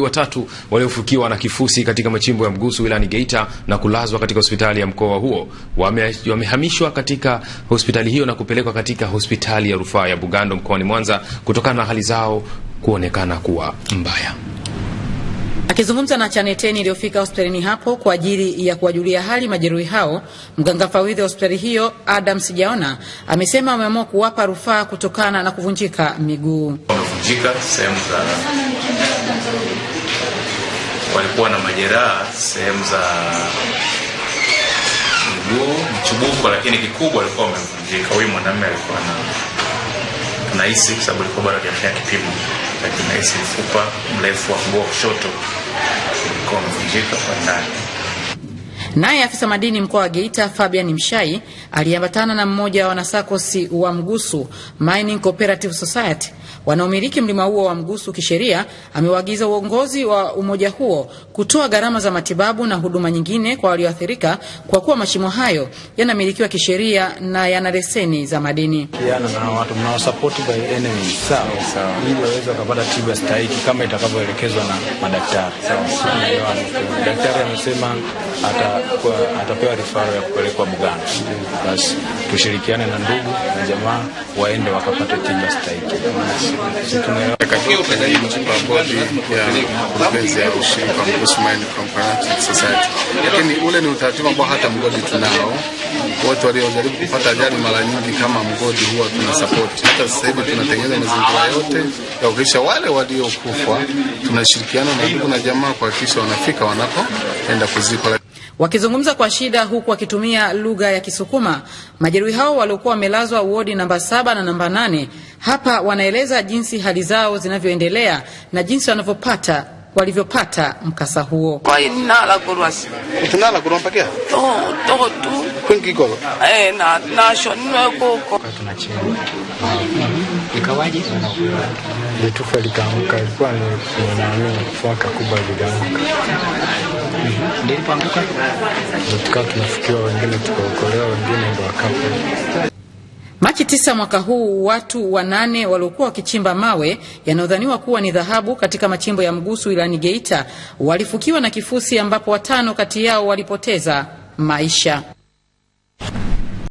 watatu waliofukiwa na kifusi katika machimbo ya Mgusu wilani Geita na kulazwa katika hospitali ya mkoa huo wamehamishwa wame katika hospitali hiyo na kupelekwa katika hospitali ya rufaa ya Bugando mkoani Mwanza kutokana na hali zao kuonekana kuwa mbaya. Akizungumza na chaneteni iliyofika hospitalini hapo kwa ajili ya kuwajulia hali majeruhi hao, mganga fawidhi wa hospitali hiyo Adam Sijaona amesema wameamua kuwapa rufaa kutokana na kuvunjika miguu. sehemu za walikuwa na majeraha sehemu za mguu mchubuko, lakini kikubwa alikuwa amevunjika. Huyu mwanamume alikuwa na nahisi kwa sababu alikuwa bado hajafanya kipimo, lakini nahisi mfupa mrefu wa mguu wa kushoto ulikuwa umevunjika kwa ndani. Naye afisa madini mkoa wa Geita Fabian Mshai aliambatana na mmoja wa wanasakosi wa Mgusu Mining Cooperative Society wanaomiliki mlima huo wa Mgusu kisheria, amewaagiza uongozi wa umoja huo kutoa gharama za matibabu na huduma nyingine kwa walioathirika kwa kuwa mashimo hayo yanamilikiwa kisheria na yana leseni za madini. Yana na watu by enemy sawa sawa, ili waweze kupata tiba stahiki kama itakavyoelekezwa na madaktari. Sawa, daktari amesema ata kwa atapewa rifaro ya kupelekwa Buganda. Basi tushirikiane na ndugu na jamaa waende wakapate tiba stahiki. lakini ule ni utaratibu ambao hata mgodi tunao wote waliojaribu kupata ajali mara nyingi kama mgodi huwa tuna support. Hata sasa hivi tunatengeneza mazingira yote ya kuhakikisha wale waliokufa tunashirikiana na ndugu na jamaa kuhakikisha wanafika wanapoenda kuzikwa. Wakizungumza kwa shida huku wakitumia lugha ya Kisukuma, majeruhi hao waliokuwa wamelazwa wodi namba saba na namba nane hapa wanaeleza jinsi hali zao zinavyoendelea na jinsi wanavyopata walivyopata mkasa huo. Eh, Ikawaje? Litufa likaanguka, ilikuwa ni mwaka kubwa lilianguka. Mhm. Ndipo tukawa tunafikiwa, wengine tukaokolewa, wengine ndo wakafa. Machi tisa mwaka huu watu wanane waliokuwa wakichimba mawe yanayodhaniwa kuwa ni dhahabu katika machimbo ya Mgusu wilayani Geita walifukiwa na kifusi ambapo watano kati yao walipoteza maisha.